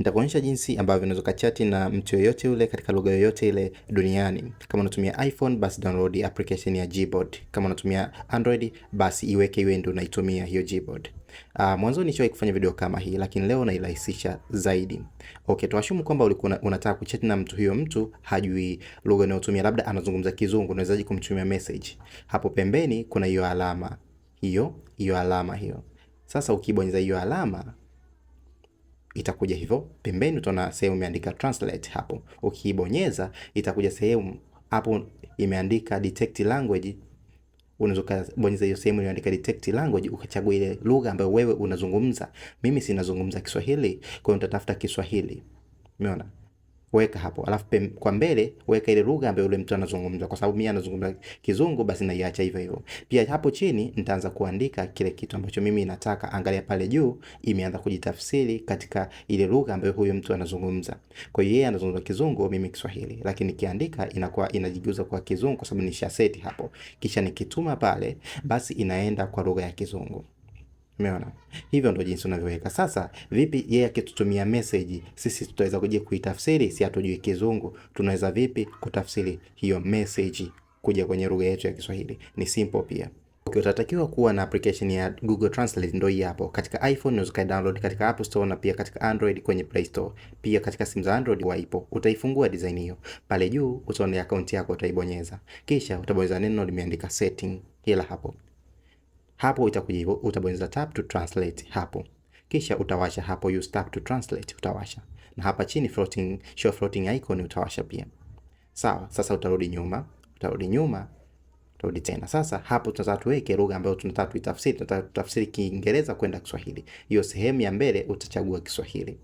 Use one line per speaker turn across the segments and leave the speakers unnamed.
Nitakuonyesha jinsi ambavyo unaweza kachati na mtu yoyote yule katika lugha yoyote ile duniani. Kama unatumia iPhone, basi download application ya Gboard. Kama unatumia Android, basi iweke iwe ndio unaitumia hiyo Gboard. Uh, ah, mwanzo nishawahi kufanya video kama hii lakini leo nairahisisha zaidi. Okay, tuashumu kwamba ulikuwa unataka kuchat na mtu, huyo mtu hajui lugha unayotumia, labda anazungumza Kizungu, unawezaje kumtumia message? Hapo pembeni kuna hiyo alama hiyo hiyo alama hiyo. Sasa ukibonyeza hiyo alama itakuja hivyo. Pembeni utaona sehemu imeandika translate, hapo ukibonyeza itakuja sehemu hapo imeandika detect language. Unaweza kubonyeza hiyo sehemu iliyoandika detect language, ukachagua ile lugha ambayo wewe unazungumza. Mimi sinazungumza Kiswahili, kwa hiyo nitatafuta Kiswahili. Umeona? weka hapo, alafu kwa mbele weka ile lugha ambayo yule mtu anazungumza. Kwa sababu mimi anazungumza Kizungu, basi naiacha hivyo hivyo. Pia hapo chini nitaanza kuandika kile kitu ambacho mimi nataka. Angalia pale juu, imeanza kujitafsiri katika ile lugha ambayo huyo mtu anazungumza. Kwa hiyo yeye anazungumza Kizungu, mimi Kiswahili, lakini nikiandika inakuwa inajigeuza kwa Kizungu kwa sababu nishaseti hapo, kisha nikituma pale, basi inaenda kwa lugha ya Kizungu. Umeona? Hivyo ndo jinsi unavyoweka. Sasa vipi yeye akitutumia message, sisi tutaweza kuja kuitafsiri? Si hatujui Kizungu, tunaweza vipi kutafsiri hiyo message kuja kwenye lugha yetu ya Kiswahili? Ni simple pia. Okay, utatakiwa kuwa na application ya Google Translate ndio hii hapo. Katika iPhone unaweza ka download katika App Store na pia katika Android kwenye Play Store. Pia katika simu za Android waipo. Utaifungua design hiyo. Pale juu utaona account yako utaibonyeza. Kisha utabonyeza neno limeandika setting. Hila hapo. Hapo itakujibu utabonyeza tap to translate hapo. Kisha utawasha hapo use tap to translate utawasha. Na hapa chini floating, show floating icon utawasha pia. Sawa, sasa utarudi nyuma, utarudi nyuma, utarudi tena. Sasa hapo tunataka tuweke lugha ambayo tunataka tuitafsiri, tunataka tutafsiri Kiingereza kwenda Kiswahili. Hiyo sehemu ya mbele utachagua Kiswahili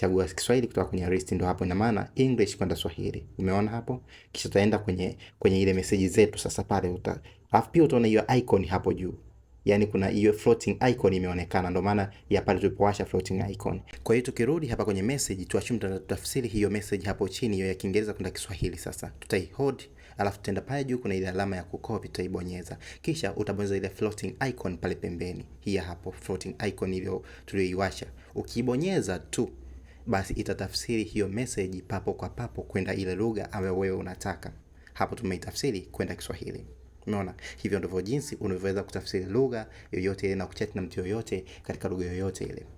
chagua Kiswahili kutoka kwenye list, ndio hapo ina maana English kwenda Swahili. Umeona hapo? Kisha utaenda kwenye kwenye ile message zetu sasa pale uta, alafu pia utaona hiyo icon hapo juu Yaani kuna hiyo floating icon imeonekana, ndio maana ya pale tulipowasha floating icon. Kwa hiyo tukirudi hapa kwenye message, tuashume tutatafsiri hiyo message hapo chini, hiyo ya Kiingereza kwenda Kiswahili. Sasa tutai hold alafu tutaenda pale juu, kuna ile alama ya kukopi, tutaibonyeza, kisha utabonyeza ile floating icon pale pembeni. Hii hapo floating icon hiyo tuliyoiwasha, ukibonyeza tu basi itatafsiri hiyo meseji papo kwa papo kwenda ile lugha ambayo wewe unataka. Hapo tumeitafsiri kwenda Kiswahili. Umeona, hivyo ndivyo jinsi unavyoweza kutafsiri lugha yoyote ile na kuchat na mtu yoyote katika lugha yoyote ile.